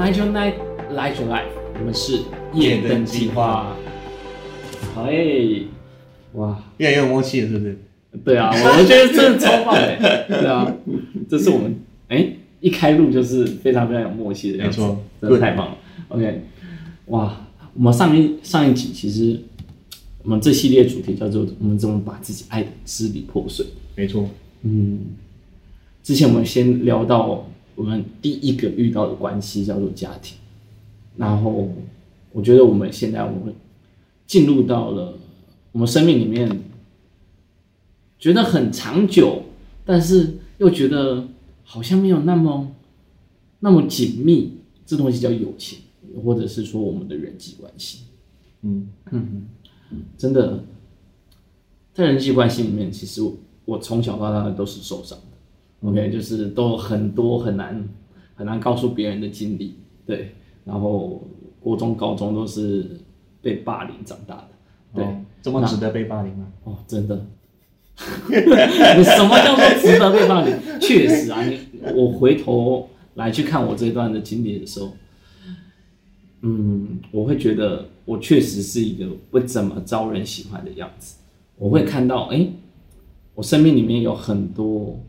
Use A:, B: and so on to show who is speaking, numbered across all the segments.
A: Light your night, Light your life，我們是夜燈計劃。好誒，哇，越來越有默契了，是不是？對啊，我們覺得真的超棒誒，欸。 對啊，這是我們誒一開錄就是非常非常有默契的樣子，沒錯，真的太棒了。對 OK，哇，我們上一上一集其實我們這系列主題叫做我們怎麼把自己愛得支離破碎。沒錯，嗯，之前我們先聊到。我們第一個遇到的關係叫做家庭，然後我覺得我們現在我們進入到了我們生命裡面，覺得很長久，但是又覺得好像沒有那麼那麼緊密，這東西叫友情，或者是說我們的人際關係。嗯，嗯，真的，在人際關係裡面，其實我，我從小到大都是受傷。OK，就是都很多很難很難告訴別人的經歷，對，然後國中、高中都是被霸凌長大的，對，哦、這麼值得被霸凌嗎、啊？哦，真的，
B: 你什麼叫做值得
A: 被霸凌？確 實啊，你我回頭來去看我這一段的經歷的時候，嗯，我會覺得我確實是一個不怎麼招人喜歡的樣子，我會，我會看到哎、欸，我生命裡面有很多。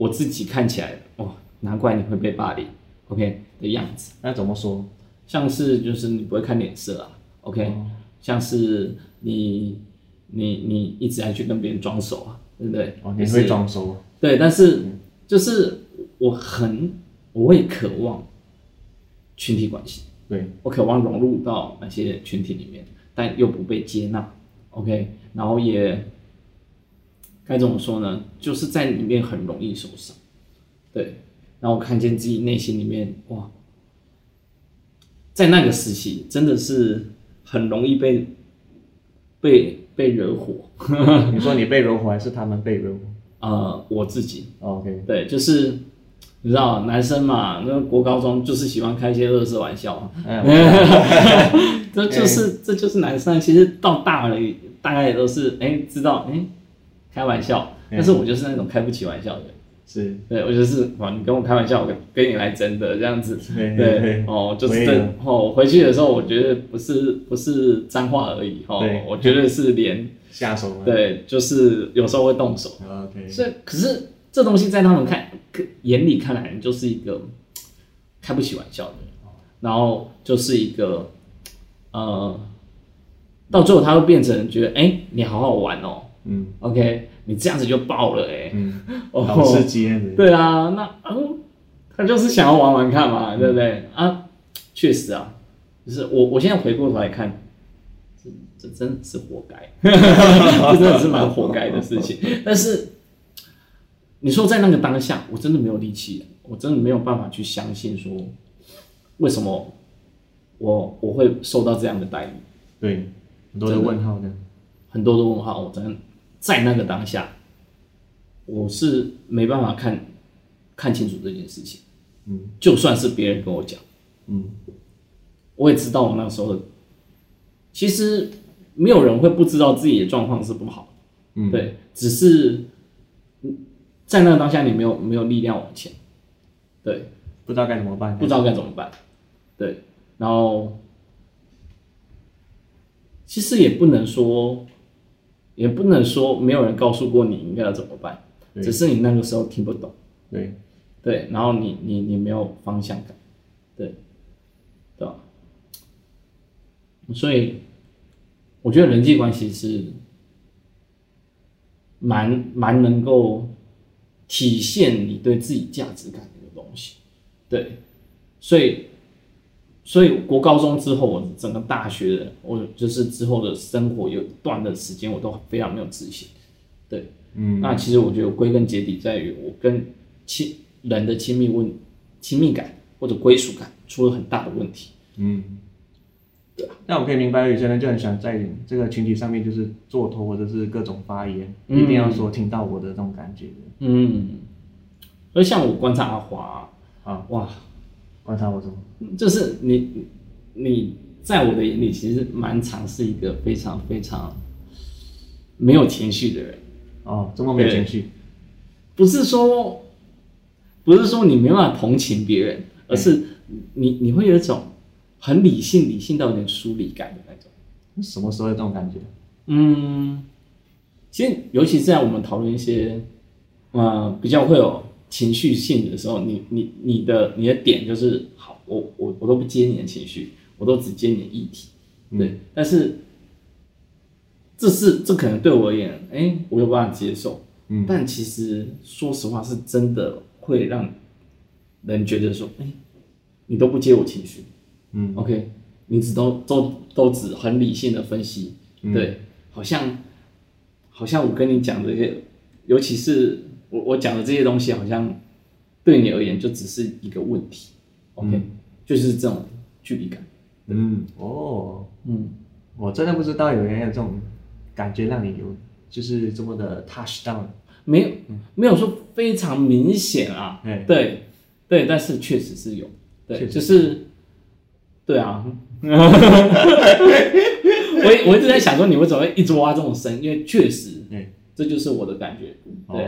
A: 我自己看起來，哦，難怪你會被霸凌，OK 的樣子。那怎麼說？像是就是你不會看臉色啊，OK，哦，像是你你你一直還去跟別人裝熟啊，對不對？哦，你會裝熟，就是。對，但是就是我很我會渴望群體關係，對我渴望融入到那些群體裡面，但又不被接納，OK，然後也。該怎麼說呢？就是在裡面很容易受傷，對。然後我看見自己內心裡面，哇，在那個時期真的是很容易被被被惹火。你說你被惹火，還是他們被惹火？呃，我自己。OK。對，就是你知道，男生嘛，那國高中就是喜歡開一些惡式玩笑。哈哈哈哈哈。 這就是這就是男生，其實到大了，大概也都是哎、欸，知道、欸開玩笑，但是我就是那種開不起玩笑的，是對，我就是，你跟我開玩笑，我跟你來真的這樣子，對哦、喔，就是哦了、喔，回去的時候我覺得不是不是髒話而已哦對、喔，我覺得是連下手，對，就是有時候會動手，是 Okay 可是這東西在他們看眼裡看來就是一個開不起玩笑的，然後就是一個呃，到最後他會變成覺得，哎、欸，你好好玩哦、喔。嗯，OK，你這樣子就爆了哎、欸，嗯 oh, 老刺激了！對啊，那嗯，他就是想要玩玩看嘛，嗯、對不對？啊，確實啊，就是我我現在回過頭來看，這這真的是活該，
B: 這真的是蠻活該的事情。 但是
A: 你說在那個當下，我真的沒有力氣了，我真的沒有辦法去相信說，為什麼我我會受到這樣的待遇？對，很多的問號呢，很多的問號，我、哦、真的。在那個當下，我是沒辦法看，看清楚這件事情。嗯，就算是別人跟我講，嗯，我也知道我那時候，其實沒有人會不知道自己的狀況是不好的。嗯，對，只是，嗯，在那個當下你沒有沒有力量往前。
B: 對，不知道該怎麼辦，不知道該怎麼
A: 辦。對，然後，其實也不能說。也不能說沒有人告訴過你應該要怎麼辦，對只是你那個時候聽不懂，對，對，然後你你你沒有方向感，對，對吧？所以，我覺得人際關係是蠻蠻能夠體現你對自己價值感的一個東西，對，所以。所以，國高中之後，我整個大學的，我就是之後的生活有一段的時間，我都非常沒有自信。對，嗯，那其實我覺得歸根結底在於我跟
B: 親人的親密問、親密感或者歸屬感出了很大的問題。嗯，對啊。那我可以明白有些人就很喜歡在這個群體上面就是做頭或者是各種發言，嗯、一定要說聽到我的這種感覺，嗯。
A: 嗯。
B: 而像我觀察阿華啊，啊，哇。觀察我
A: 什麼？就是你，你在我的眼裡，其實蠻常是一個非常非常沒有情緒的人哦，怎麼沒有情緒？不是說，不是說你沒辦法同情別人，而是你你會有一種很理性、理性到有點疏離感的那種。什麼時候有這種感覺？嗯，其實尤其在我們討論一些，嗯、呃，比較會有。情緒性的時候，你你你的你的點就是好，我我我都不接你的情緒，我都只接你的議題，對。嗯、但是這是這可能對我而言，哎，我有辦法接受，嗯。但其實說實話，是真的會讓，人覺得說，哎，你都不接我情緒，嗯。OK，你只都都都只很理性的分析，對，嗯、好像，好像我跟你講這些，尤其是。我我講的這些東西好像
B: 對你而言就只是一個問題，OK，、嗯、就是這種距離感。嗯，哦，嗯，我真的不知道有人有這種感覺，讓你有就是這麼的 touch down。沒有，沒有說非常明顯
A: 啊。哎、嗯，對，對，但是確實是有，對，實就是，對啊。 我我一直在想說，你為什麼會一直挖這麼深？因為確實、嗯，這就是我的感覺，對，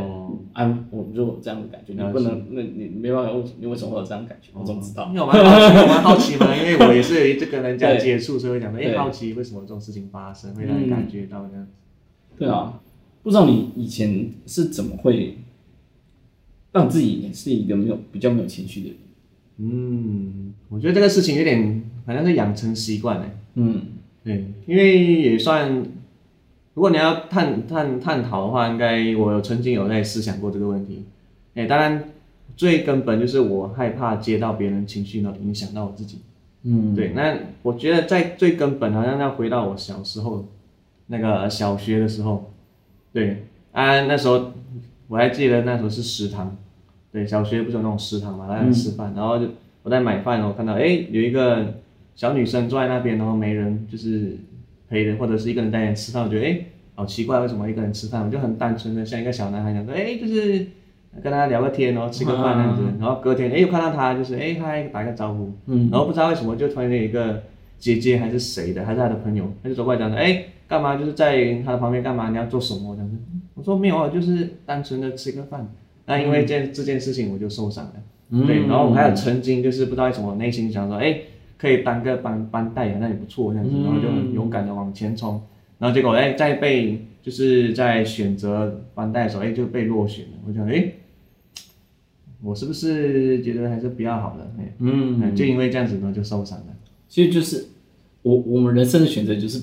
A: 啊，我就有這樣的感覺。你不能，那你沒辦法，你為什麼會有這樣的感覺？我怎麼知道？你蠻好奇呢，因為我也是一直跟人家接觸，所以講，哎，好奇
B: 為什麼這種事情發生，會讓人感覺到這樣。
A: 對啊，不知道你以前是怎麼會讓自己
B: 是一個沒有比較沒有情緒的人。嗯，我覺得這個事情有點好像是養成習慣了。嗯，對，因為也算。如果你要探探探討的話，應該我有曾經有在思想過這個問題。哎，當然最根本就是我害怕接到別人情緒呢，影響到我自己。嗯，對。那我覺得在最根本好像要回到我小時候那個小學的時候。對啊，那時候我還記得那時候是食堂。對，小學不是有那種食堂嘛，來吃飯。嗯、然後就我在買飯，我看到，哎，有一個小女生坐在那邊，然後沒人，就是。可以的，或者是一個人在那吃飯，我覺得哎、欸，好奇怪，為什麼一個人吃飯？我就很單純的，像一個小男孩講說，哎、欸，就是跟他聊個天哦，然後吃個飯那樣子。啊、然後隔天，哎、欸，又看到他，就是哎、欸，他還打一個招呼，嗯，然後不知道為什麼就突然間一個姐姐還是誰的，還是他的朋友，他就走過來講說，哎、欸，幹嘛？就是在他的旁邊幹嘛？你要做什麼？這樣子，我說沒有啊，就是單純的吃個飯。嗯、那因為這這件事情，我就受傷了，嗯、對。然後我還有曾經就是不知道為什麼我內心想說，哎、欸。可以當個班班代那也不錯，這樣子，然後就很勇敢的往前衝，嗯、然後結果哎在被就是在選擇班代的時候，哎就被落選了，我就想哎，我是不是覺得還是比較好的？哎，嗯，嗯就因為這樣子呢就受傷了。所
A: 以就是我我們人生的選擇就是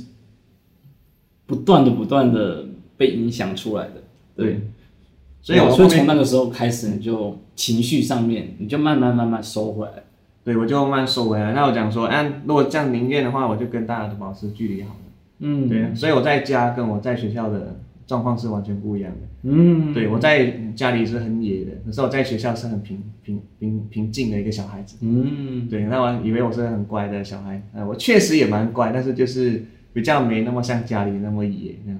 A: 不斷的不斷的被影響出來的。對，對所以我所以從那個時候開始，你就
B: 情緒上面、嗯、你就慢慢慢慢收回來。對，我就慢慢收回來。那我講說，哎、啊，如果這樣寧願的話，我就跟大家保持距離好了。嗯，對，所以我在家跟我在學校的狀況是完全不一樣的。嗯，對，我在家裡是很野的，可是我在學校是很平平平平靜的一個小孩子。嗯，對，那我以為我是很乖的小孩，哎、呃，我確實也蠻乖，但是就是比較沒那麼像家裡那麼野那樣。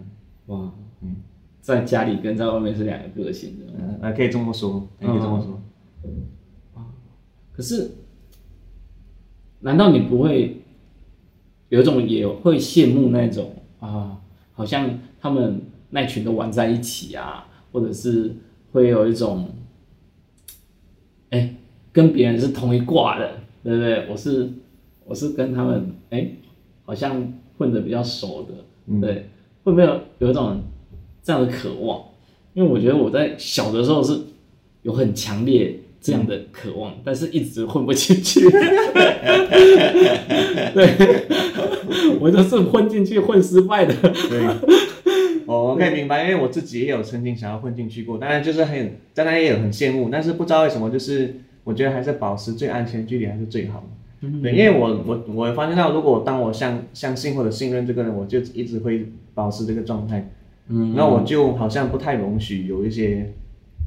B: 哇，嗯，在家裡跟在外面是兩個個性的，呃，可以這麼說，可以這麼說。啊、
A: 嗯，可是。難道你不會有一種也會羨慕那種啊？好像他們那群都玩在一起啊，或者是會有一種哎、欸，跟別人是同一掛的，對不對？我是我是跟他們哎、欸，好像混得比較熟的，嗯、對，會不會有一種這樣的渴望？因為我覺得我在小的時候是有很強烈。這樣的渴望，嗯、但是一直混不進去。 對，
B: 我就是混進去混失敗的。對，我可以明白，因為我自己也有曾經想要混進去過，當然就是很當然也有很羨慕，但是不知道為什麼，就是我覺得還是保持最安全距離還是最好。嗯、對，因為我我我發現到，如果當我相相信或者信任這個人，我就一直會保持這個狀態。嗯，那我就好像不太容許有一些。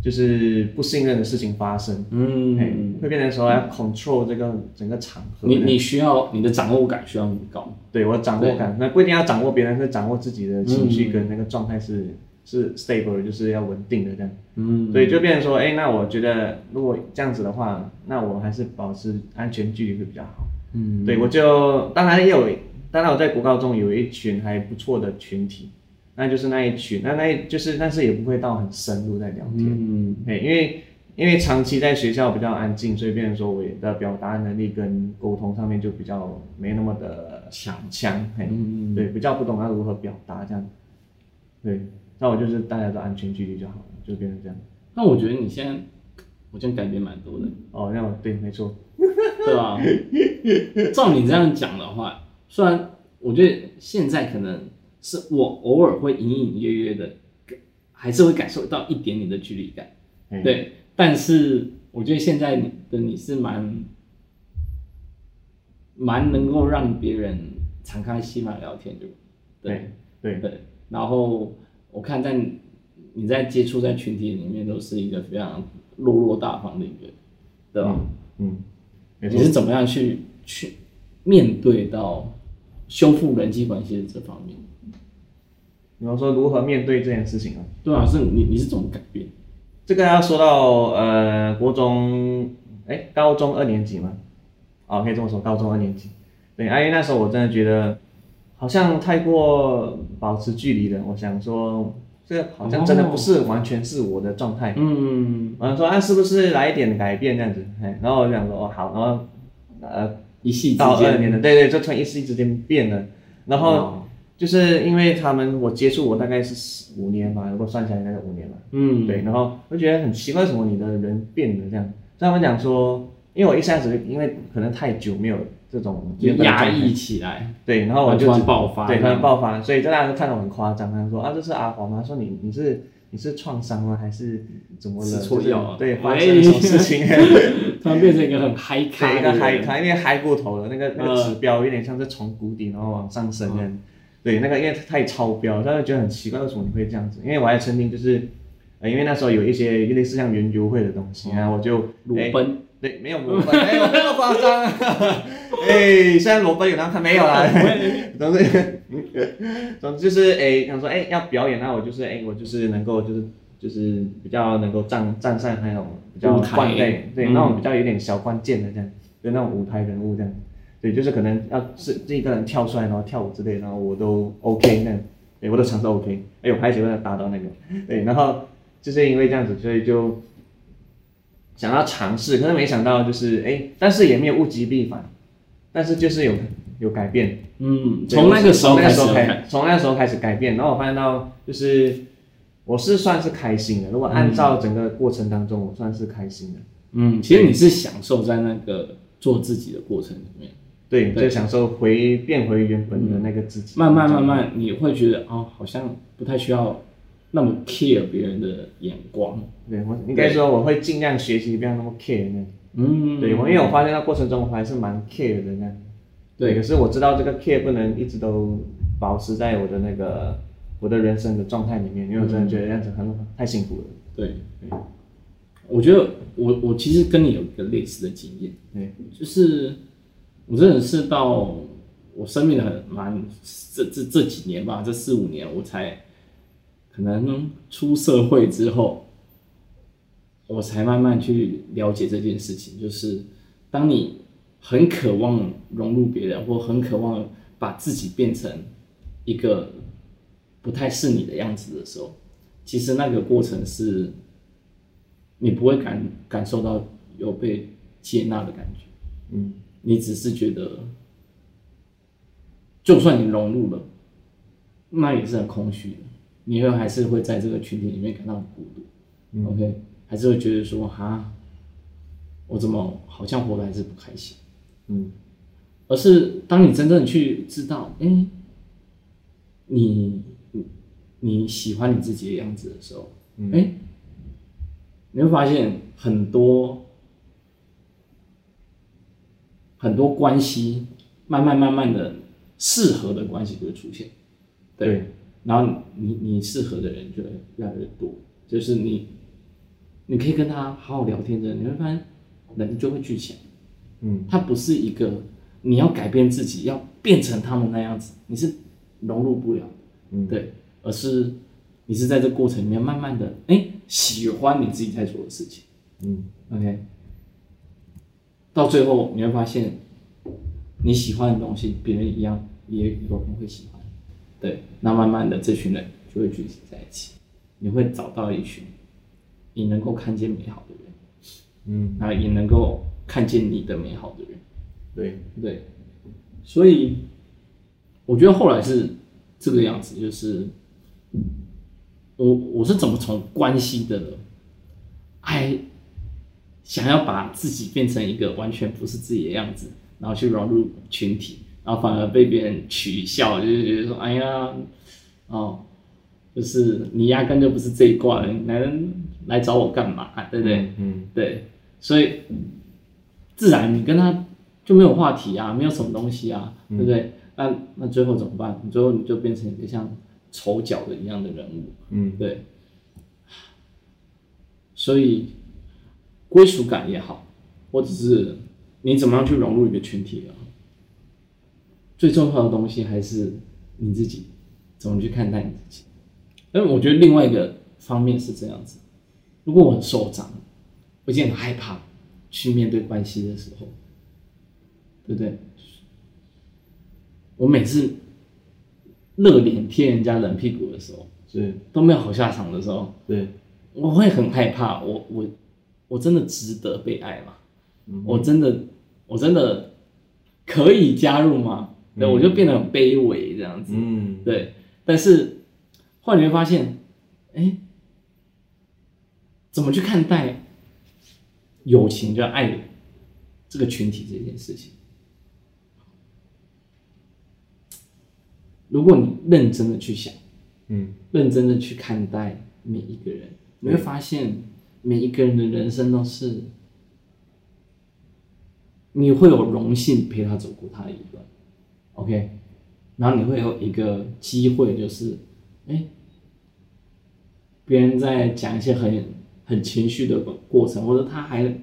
B: 就是不信任的事情發生，嗯、欸，會變成說要 control 這個整個場合。你你需要你的掌握感需要很高，對，我掌握感，對那不一定要掌握別人，是掌握自己的情緒跟那個狀態是、嗯、是 stable，就是要穩定的這樣。嗯，所以就變成說，哎、欸，那我覺得如果這樣子的話，那我還是保持安全距離會比較好。嗯，對我就當然也有，當然我在國高中有一群還不錯的群體。那就是那一群，那那就是，但是也不會到很深入在聊天，嗯，嘿，因為因為長期在學校比較安靜，所以變成說我的表達能力跟溝通上面就比較沒那麼的強強，嘿，對，比較不懂要如何表達這樣，對，那我就是大家都安全距離就好了，就變成這樣。那我覺得你現在，我真
A: 感覺蠻多的。哦，那我對，沒錯， 對吧，啊？
B: 照你這樣
A: 講的話，雖然我覺得現在可能。是我偶爾會隱隱約約的，還是會感受到一點點的距離感，嘿對。但是我覺得現在的你是蠻，蠻能夠讓別人敞開心來聊天的，對對對。然後我看在你在接觸在群體裡面都是一個非常落落大方的一個人，對
B: 吧？
A: 嗯，嗯，你是怎麼樣去去面對
B: 到修復人際關係的這方面？比方說，如何面對這件事情啊？
A: 對老師、啊、是你你是怎麼改變？
B: 這個要說到呃，國中誒高中二年級嘛，哦，可以這麼說，高中二年級。對，阿姨那時候我真的覺得，好像太過保持距離了。我想說，這個、好像真的不是完全是我的狀態。哦、嗯。嗯我想說，啊是不是來一點改變這樣子？嘿然後我就想說，哦，好，然後呃，一系到二年的，對對，就從一系之間變了，然後。嗯就是因為他們，我接觸我大概是五年吧，如果算起來應該是五年吧。嗯，對，然後我就覺得很奇怪，為什麼你的人變得這樣？他們講說，因為我一下子，因為可能太久沒有這種壓抑起來，對，然後我就爆發，對，突然爆發，所以大家都看得很誇張。他們說啊，這是阿黃嗎？說你你是你是創傷嗎？還是怎麼了？對，發生什麼事情？他們變成一個很嗨，一個嗨咖，因為嗨過頭了，那個那個指標有點像是從谷底然後往上升對，那個因為他太超標，但是覺得很奇怪，為什麼你會這樣子？因為我還曾經就是，呃，因為那時候有一些一類似像園遊會的東西然後、嗯、我就裸奔、欸，對，沒有裸奔， 欸、沒有那麼誇張。哎、 欸，雖然裸奔有，但他沒有啦。 總之、嗯，總之就是哎、欸，想說哎、欸、要表演，那我就是哎、欸，我就是能夠就是就是比較能夠站站上那種比較舞台，對對，嗯、那種比較有點小關鍵的這樣，就那種舞台人物這樣。對，就是可能要是自己一個人跳出來，然後跳舞之類的，然後我都 OK 那，對，我都嘗試 OK，哎，我拍球，要打到那個，對，然後就是因為這樣子，所以就想要嘗試，可是沒想到就是哎，但是也沒有物極必反，但是就是有有改變，嗯，對從那個時候開始，從那個時,時候開始改變，然後我發現到就是我是算是開心的，如果按照整個過程當中，嗯，我算是開心的，嗯，對其實你是享受在那個做自己的過程裡面。對，就享受回變回原本的那個自己。嗯、慢慢樣慢慢，你會覺得哦，好像不太需要那麼 care 別人的眼光。對，我應該說我會盡量學習不要那麼 care 那樣，嗯，對，嗯、因為我發現那過程中我還是蠻 care 的那。嗯、對，可是我知道這個 care 不能一直都保持在我的那個對我的人生的狀態裡面，因為我真的覺得這樣子很太辛苦了。對，對對，我覺得
A: 我我其實跟你有一個類似的經驗，對，就是。我真的是到我生命的很蠻這這這幾年吧，這四五年我才可能出社會之後，我才慢慢去了解這件事情。就是當你很渴望融入別人，或很渴望把自己變成一個不太是你的樣子的時候，其實那個過程是，你不會感感受到有被接納的感覺，嗯。你只是覺得，就算你融入了，那也是很空虛的，你會還是會在這個群體裡面感到很孤獨。嗯、OK，還是會覺得說，哈，我怎麼好像活得還是不開心？嗯，而是當你真正去知道，哎、欸，你你喜歡你自己的樣子的時候，哎、欸，你會發現很多。很多關係，慢慢慢慢的，適合的關係就會出現，對，然後你你適合的人就會越來越多，就是你，你可以跟他好好聊天的，你會發現人就會聚起來，嗯，他不是一個你要改變自己要變成他們那樣子，你是融入不了，嗯，對，而是你是在這過程裡面慢慢的，哎、欸，喜歡你自己在做的事情，
B: 嗯，OK。
A: 到最後，你會發現你喜歡的東西，別人一樣，也有人會喜歡。對，那慢慢的，這群人就會聚集在一起，你會找到一群你能夠看見美好的人，嗯，啊，也能夠看見你的美好的人。嗯、對對，所以我覺得後來是這個樣子，就是我我是怎麼從關係的愛。想要把自己變成一個完全不是自己的樣子，然後去融入群體，然後反而被別人取笑，就是覺得說：“哎呀，哦，就是你壓根就不是這一掛的，來來找我幹嘛？”對不對？嗯嗯、對。所以自然你跟他就沒有話題啊，沒有什麼東西啊，嗯、對不對？那那最後怎麼辦？你最後你就變成一個像丑角的一樣的人物。嗯，對。所以。歸屬感也好，或者是你怎麼樣去融入一個群體也好，最重要的東西還是你自己怎麼去看待你自己。但，我覺得另外一個方面是這樣子：如果我很受傷，我就很害怕去面對關係的時候，對不對？我每次熱臉貼人家冷屁股的時候，對，都沒有好下場的時候，對，我會很害怕。我我。我真的值得被愛嗎？嗯、我真的，我真的可以加入嗎？那、嗯、我就變得很卑微這樣子。嗯、對。但是後來你會發現，哎、欸，怎麼去看待友情愛人，就愛這個群體這件事情？如果你認真的去想，嗯、認真的去看待每一個人，你會發現。每一個人的人生都是，你會有榮幸陪他走過他的一段，OK，然後你會有一個機會，就是，哎、欸，別人在講一些很很情緒的過程，或者他還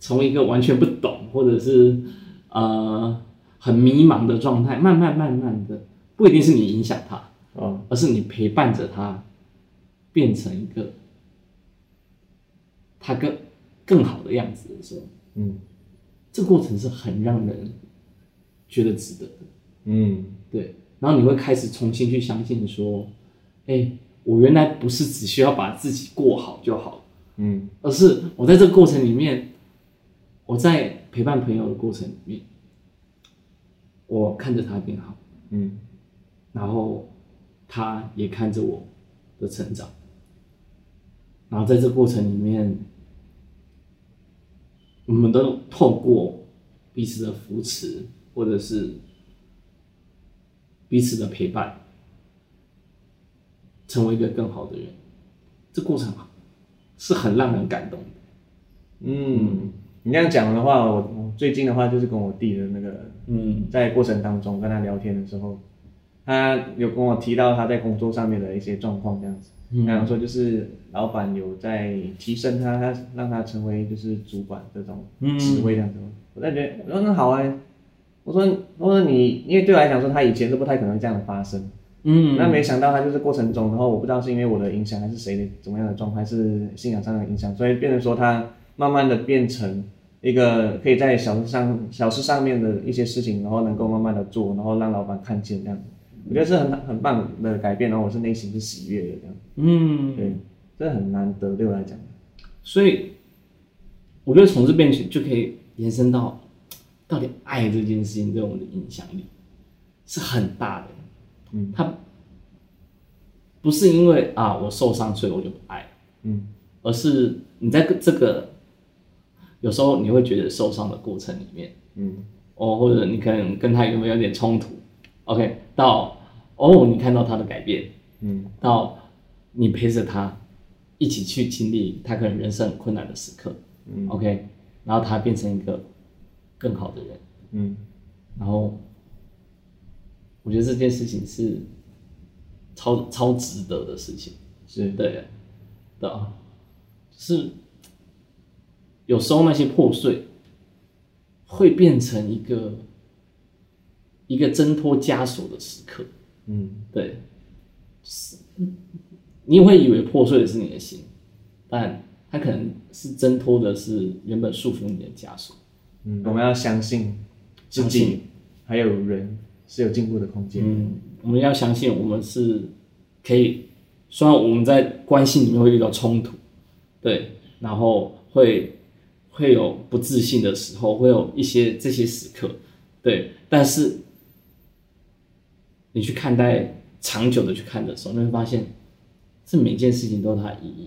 A: 從一個完全不懂，或者是呃很迷茫的狀態，慢慢慢慢的，不一定是你影響他，嗯、而是你陪伴着他變成一個。他更更好的樣子的時候，嗯，這過程是很讓人覺得值得的，嗯，對。然後你會開始重新去相信，說，哎，我原來不是只需要把自己過好就好，嗯，而是我在這個過程裡面，我在陪伴朋友的過程裡面，我看着他變好，嗯，然後他也看着我的成長，然後在這個過程裡面。我們都透過彼此的扶持，或者是彼此的陪伴，成為
B: 一個更好的人。這過程是很讓人感動的。嗯，嗯你這樣講的話，我最近的話就是跟我弟的那個，嗯，在過程當中跟他聊天的時候，他有跟我提到他在工作上面的一些狀況這樣子。然後說，嗯嗯嗯就是老闆有在提升他，他讓他成為就是主管這種職位，這樣子。我在覺，我說那好啊，我說，我說你，因為對我來講說，他以前是不太可能會這樣的發生，嗯，嗯，那、嗯嗯嗯、沒想到他就是過程中，然後我不知道是因為我的影響，還是誰的怎麼樣的狀態，還是信仰上的影響，所以變成說他慢慢的變成一個可以在小事上、小事上面的一些事情，然後能夠慢慢的做，然後讓老闆看見這樣子。我覺得是很很棒的改變，然後我是內心是喜悅的這樣。嗯，
A: 對，
B: 這很難得對我來講。所
A: 以，我覺得從這邊去就可以延伸到，到底愛這件事情對我們的影響力是很大的。嗯，它不是因為啊我受傷所以我就不愛，嗯，而是你在這個有時候你會覺得受傷的過程裡面，嗯，哦或者你可能跟他有沒有點衝突，OK。到，哦，你看到他的改變，嗯，到你陪着他一起去經歷他可能人生很困難的時刻，嗯，OK，然後他變成一個更好的人，嗯，嗯然後我覺得這件事情是超超值得的事情，是對的，對就是有時候那些破碎會變成一個。一個掙脫枷鎖的時刻，嗯，對，是，你會以為破碎的是你的心，但他可能是掙脫的是原本束縛你的枷鎖。嗯，對我們要相信自己，陣信還有人是有進步的空間。嗯，嗯我們要相信我們是可以，雖然我們在關係裡面會遇到衝突，對，然後會會有不自信的時候，會有一些這些時刻，對，但是。你去看待長久的去看的時候，你會發現，這每件事情都有它的意義。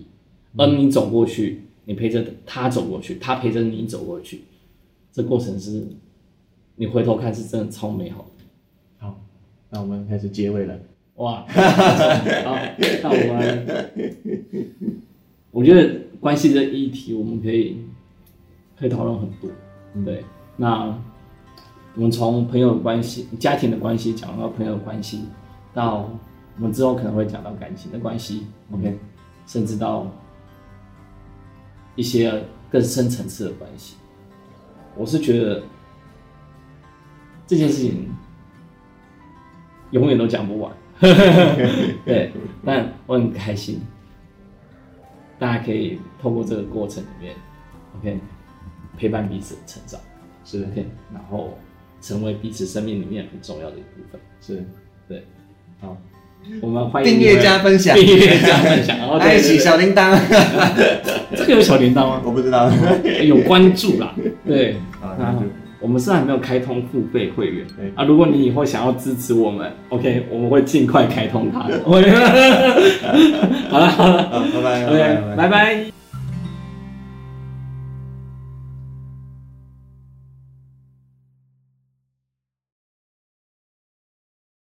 A: 嗯、而你走過去，你陪着他走過去，他陪着你走過去，這過程是，你回頭看是真的超美好。好，那我們開始結尾了。哇，好，那我們，我覺得關係的議題我們可以可以討論很多，嗯、對，那。我們從朋友關係、家庭的關係講到朋友關係，到我們之後可能會講到感情的關係，OK，嗯，甚至到一些更深層次的關係。我是覺得這件事情永遠都講不完， 對， 但我很開心，大家可以透過這個過程裡面，OK，陪伴彼此成長，是的，OK，然後。成為彼此生命裡面很重要的一部分，是，對，好，我們歡迎訂閱加分享，訂閱加分享，開啟小鈴鐺，這個有小鈴鐺嗎？我不知道，有關注啦，對，啊，我們是還沒有開通付費會員，啊，如果你以後想要支持我們，OK，我們會盡快開通它，好了，好
B: 了，拜拜，OK，拜拜。